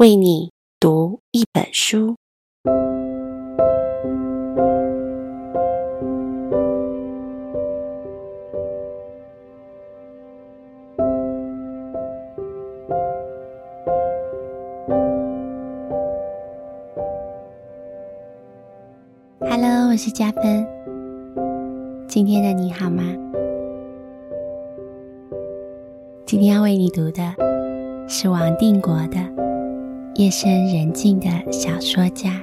為你讀一本書。Hello，我是嘉芬。今天的你好嗎？今天要為你讀的是王定國的。夜深人靜的小說家，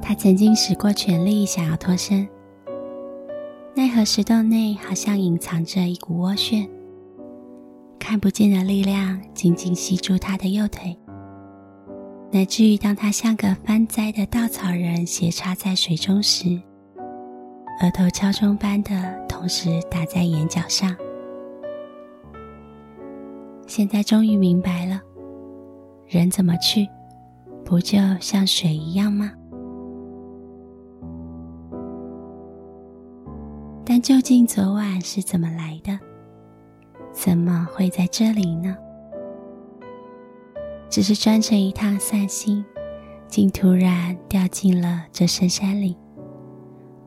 他曾經使過全力，想要脫身。奈何石洞內好像隱藏着一股渦旋，看不見的力量緊緊吸住他的右腿，乃至於當他像個翻栽的稻草人斜插在水中時，額頭敲鐘般的同時打在眼角上。現在終於明白了，人怎麼去，不就像水一樣嗎？究竟昨晚是怎麼來的？怎麼會在這裡呢？只是專程一趟散心，竟突然掉進了這深山裡，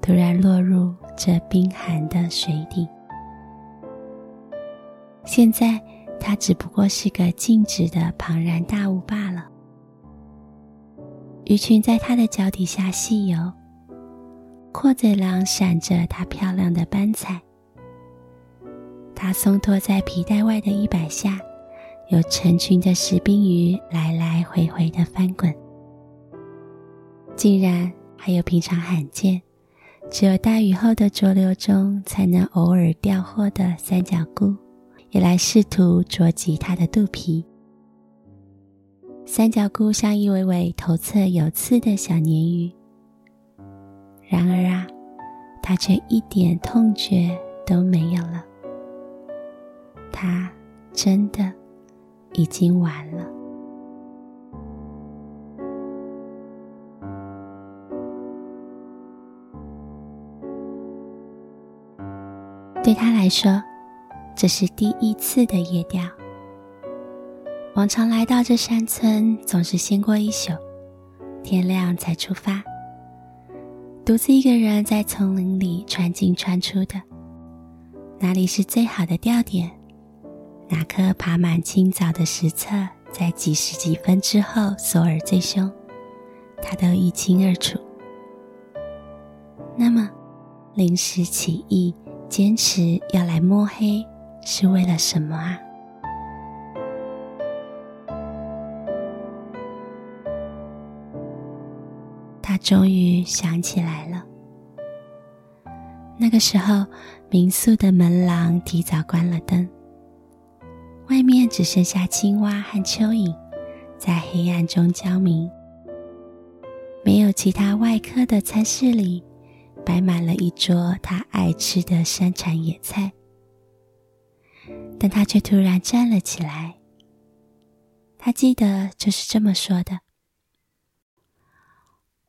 突然落入這冰寒的水底。現在，它只不過是個靜止的龐然大物罷了。魚群在它的腳底下戲游。闊嘴狼閃着它漂亮的斑彩，它鬆脫在皮帶外的衣擺下，有成群的石冰魚來來回回的翻滾，竟然還有平常罕見、只有大雨後的濁流中才能偶爾釣獲的三角菇，也來試圖啄及它的肚皮。三角菇像一尾尾頭側有刺的小鯰魚。然而啊，他卻一點痛覺都沒有了。他真的已經完了。對他來說，這是第一次的夜釣。往常來到這山村，總是先過一宿，天亮才出發。獨自一個人在叢林裡穿進穿出的，哪裡是最好的釣點，哪棵爬滿青草的石冊在幾時幾分之後索餌最兇，他都一清二楚。那麼，臨時起意堅持要來摸黑是為了什麼啊？終於想起來了。那個時候，民宿的門廊提早關了燈，外面只剩下青蛙和蚯蚓在黑暗中交鳴。沒有其他外客的餐室裡，擺滿了一桌他愛吃的山產野菜，但他卻突然站了起來。他記得就是這麼說的。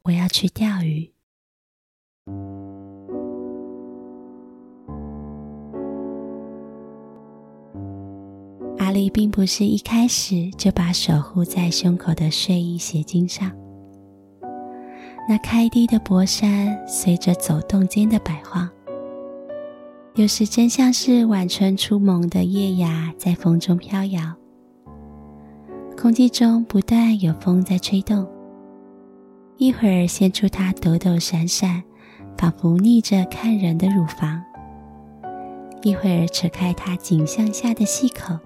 我要去釣魚。阿麗並不是一開始就把守護在胸口的睡衣斜襟上，那開低的薄衫隨着走動間的擺晃，有時真像是晚春初萌的葉芽在風中飄搖，空氣中不斷有風在吹動，一會兒現出它抖抖閃閃，仿佛逆着看人的乳房；一會兒扯開它頸項下的細口，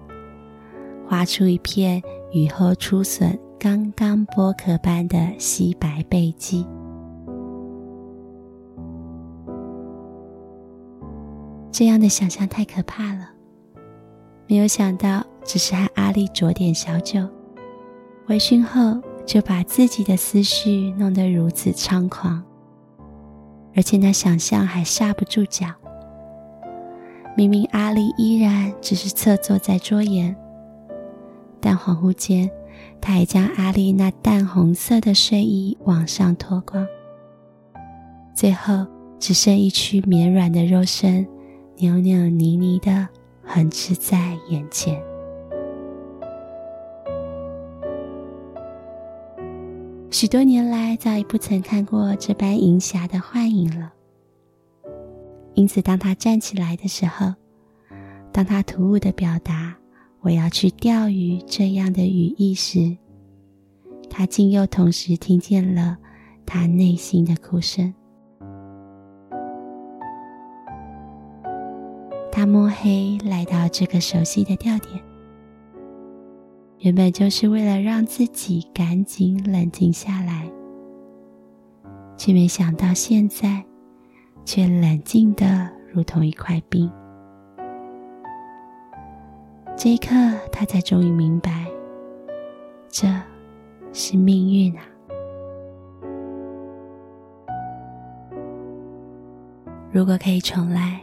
劃出一片雨後初筍、剛剛剝殼般的細白背脊。這樣的想象太可怕了，沒有想到只是和阿麗酌點小酒，微醺後。就把自己的思緒弄得如此猖狂，而且那想象還剎不住腳。明明阿麗依然只是側坐在桌沿，但恍惚間，他還將阿麗那淡紅色的睡衣往上脫光，最後只剩一軀綿軟的肉身，扭扭捏捏的橫置在眼前。許多年來，早已不曾看過這般銀霞的幻影了。因此，當他站起來的時候，當他突兀地表達“我要去釣魚”這樣的語意時，他竟又同時聽見了他內心的哭聲。他摸黑來到這個熟悉的釣點。原本就是為了讓自己趕緊冷靜下來，卻沒想到現在卻冷靜的如同一塊冰。這一刻，他才終於明白，這是命運啊！如果可以重來，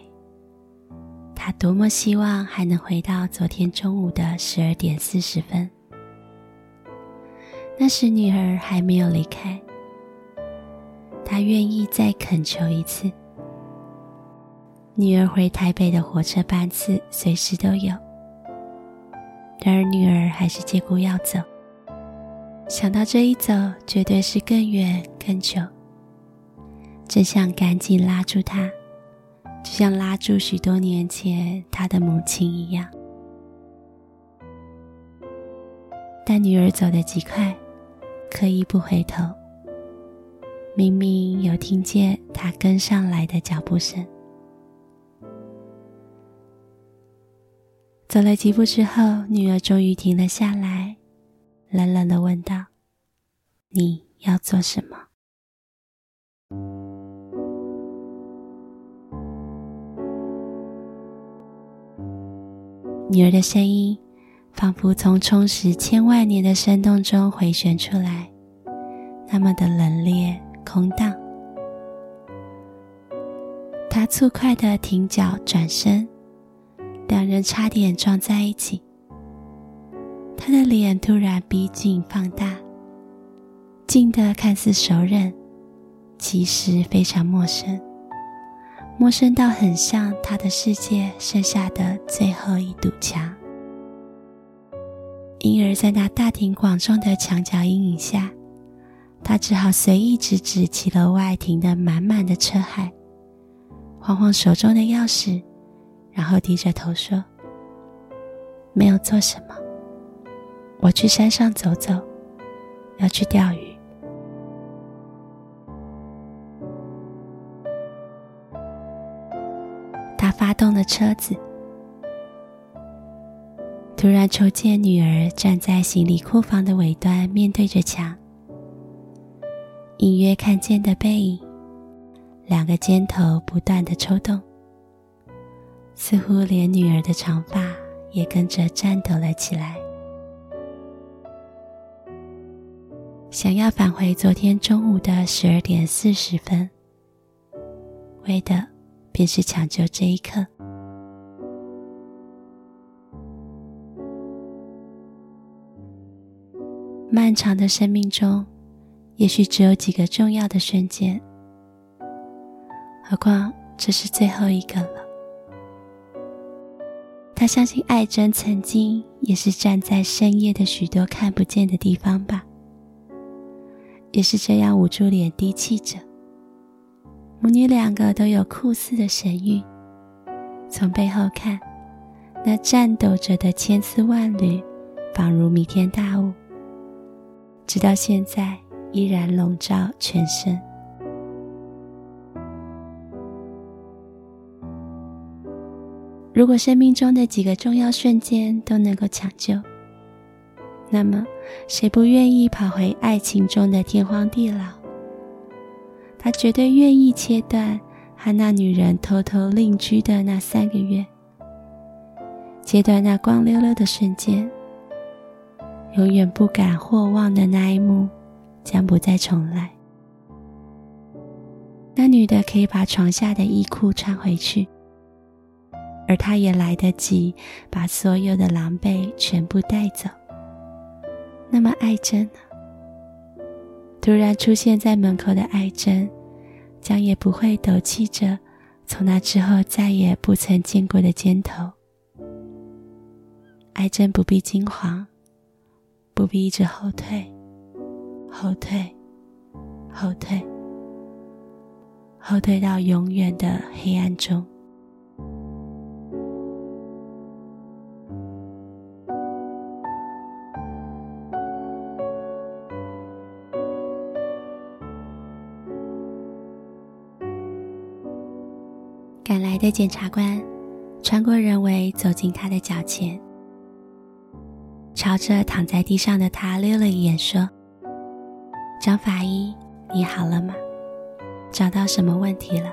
他多麼希望還能回到昨天中午的十二點四十分，那時女兒還沒有離開。他願意再懇求一次，女兒回台北的火車班次隨時都有。然而女兒還是借故要走，想到這一走絕對是更遠更久，真想趕緊拉住她。就像拉住許多年前他的母親一樣，但女兒走得極快，刻意不回頭。明明有聽見他跟上來的腳步聲，走了幾步之後，女兒終於停了下來，冷冷的問道：“你要做什麼？”女兒的聲音，仿佛從充實千萬年的山洞中回旋出來，那麼的冷冽空蕩。他粗快地停腳轉身，兩人差點撞在一起。他的臉突然逼近放大，近得看似熟人，其實非常陌生。陌生到很像他的世界剩下的最後一堵牆，因而，在那大庭廣眾的牆角陰影下，他只好隨意指指騎樓外停的滿滿的車海，晃晃手中的鑰匙，然後低着頭說：“沒有做什麼，我去山上走走，要去釣魚。”發動了車子，突然瞅見女兒站在行李庫房的尾端，面對着牆，隱約看見的背影，兩個肩頭不斷的抽動，似乎連女兒的長髮也跟着顫抖了起來。想要返回昨天中午的十二點四十分，為的。便是搶救這一刻。漫長的生命中，也許只有幾個重要的瞬間，何況這是最後一個了。他相信，愛珍曾經也是站在深夜的許多看不見的地方吧，也是這樣捂住臉低泣着。母女兩個都有酷似的神韻，從背後看，那顫抖着的千絲萬縷，仿如彌天大霧，直到現在依然籠罩全身。如果生命中的幾個重要瞬間都能夠搶救，那麼誰不願意跑回愛情中的天荒地老？他絕對願意切斷和那女人偷偷另居的那三個月，切斷那光溜溜的瞬間，永遠不敢或忘的那一幕，將不再重來。那女的可以把床下的衣褲穿回去，而他也來得及把所有的狼狽全部帶走。那麼愛真呢？突然出現在門口的愛珍，將也不會抖氣着，從那之後再也不曾見過的肩頭，愛珍不必驚慌，不必一直後退，後退，後退，後退到永遠的黑暗中。趕來的檢察官穿過人圍，走近他的腳前，朝着躺在地上的他溜了一眼，說：“張法醫，你好了嗎？找到什麼問題了？”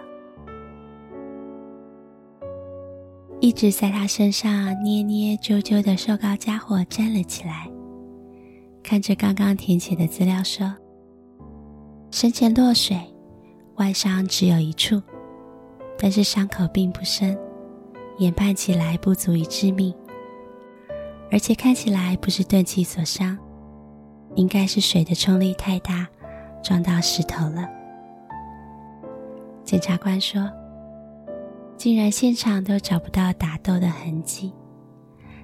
一直在他身上捏捏揪揪的瘦高家伙站了起來，看着剛剛填寫的資料說：“生前落水，外傷只有一處。”但是傷口並不深，研判起來不足以致命，而且看起來不是鈍器所傷，應該是水的衝力太大，撞到石頭了。檢察官說：“竟然現場都找不到打鬥的痕跡，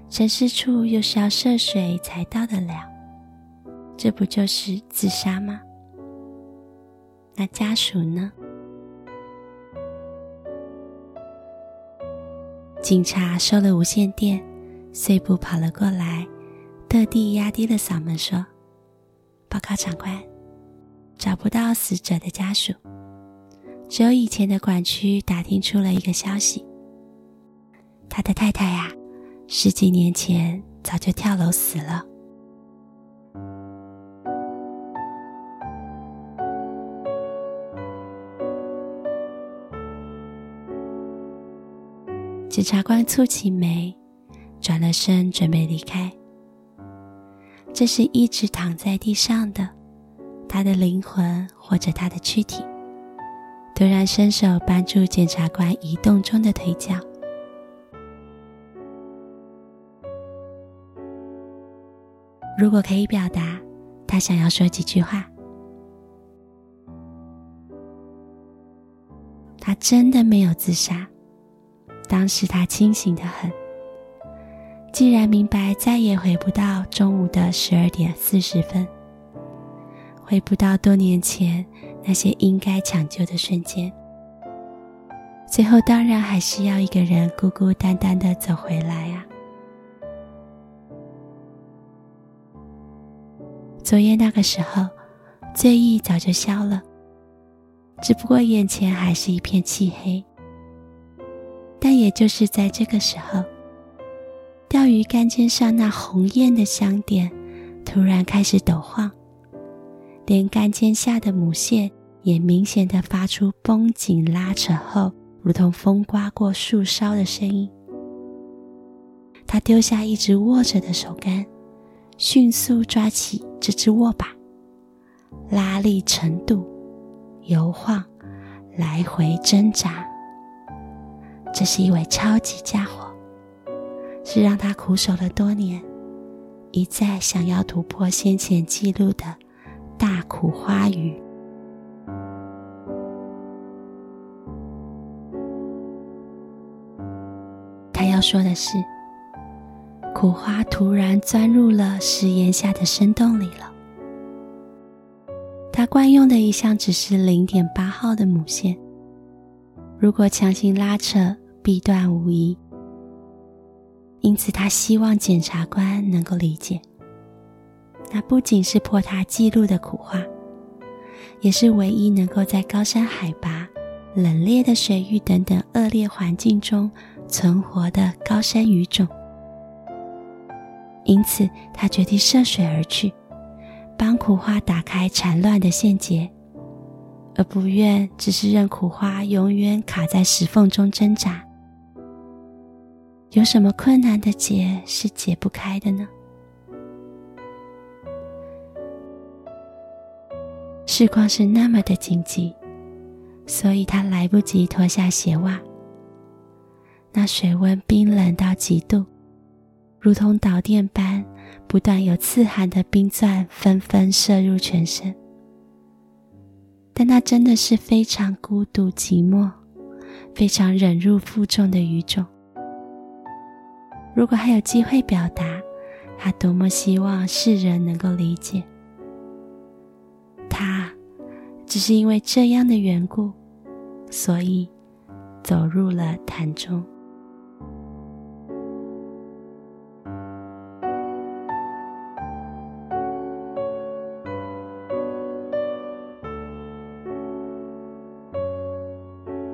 沉屍處又是要涉水才到得了，這不就是自殺嗎？那家屬呢？”警察收了無線電，碎步跑了過來，特地壓低了嗓門說：“報告長官，找不到死者的家屬，只有以前的管區打聽出了一個消息，他的太太呀，十幾年前早就跳樓死了。”檢察官蹙起眉，轉了身，準備離開。這時，一直躺在地上的他的靈魂或者他的軀體，突然伸手扳住檢察官移動中的腿腳。如果可以表達，他想要說幾句話。他真的沒有自殺。當時他清醒得很。既然明白再也回不到中午的十二點四十分，回不到多年前那些應該搶救的瞬間，最後當然還是要一個人孤孤單單的走回來啊。昨夜那個時候，醉意早就消了，只不過眼前還是一片漆黑。但也就是在這個時候，釣魚竿尖上那紅艷的香點突然開始抖晃，連竿尖下的母線也明顯地發出繃緊拉扯後，如同風颳過樹梢的聲音。他丟下一直握着的手竿，迅速抓起這只握把，拉力程度油晃，來回掙扎。這是一位超級傢伙，是讓他苦守了多年，一再想要突破先前記錄的大苦花魚。他要說的是，苦花突然鑽入了石岩下的深洞裡了。他慣用的一項只是零點八號的母線，如果強行拉扯，必斷無疑，因此他希望檢察官能夠理解。那不僅是破他記錄的苦花，也是唯一能夠在高山海拔、冷冽的水域等等惡劣環境中存活的高山魚種。因此，他決定涉水而去，幫苦花打開纏亂的線結，而不願只是任苦花永遠卡在石縫中掙扎。有什麼困難的結是解不開的呢？時光是那麼的緊急，所以他來不及脫下鞋襪。那水溫冰冷到極度，如同導電般，不斷有刺寒的冰鑽紛紛射入全身。但那真的是非常孤獨、寂寞、非常忍辱負重的魚種。如果還有機會表達，他多麼希望世人能夠理解。他只是因為這樣的緣故，所以走入了壇中。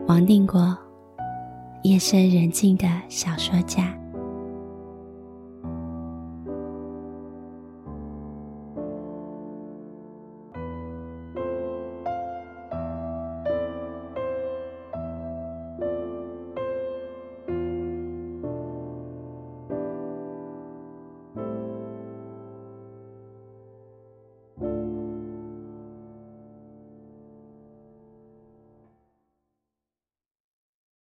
王定國，夜深人靜的小說家。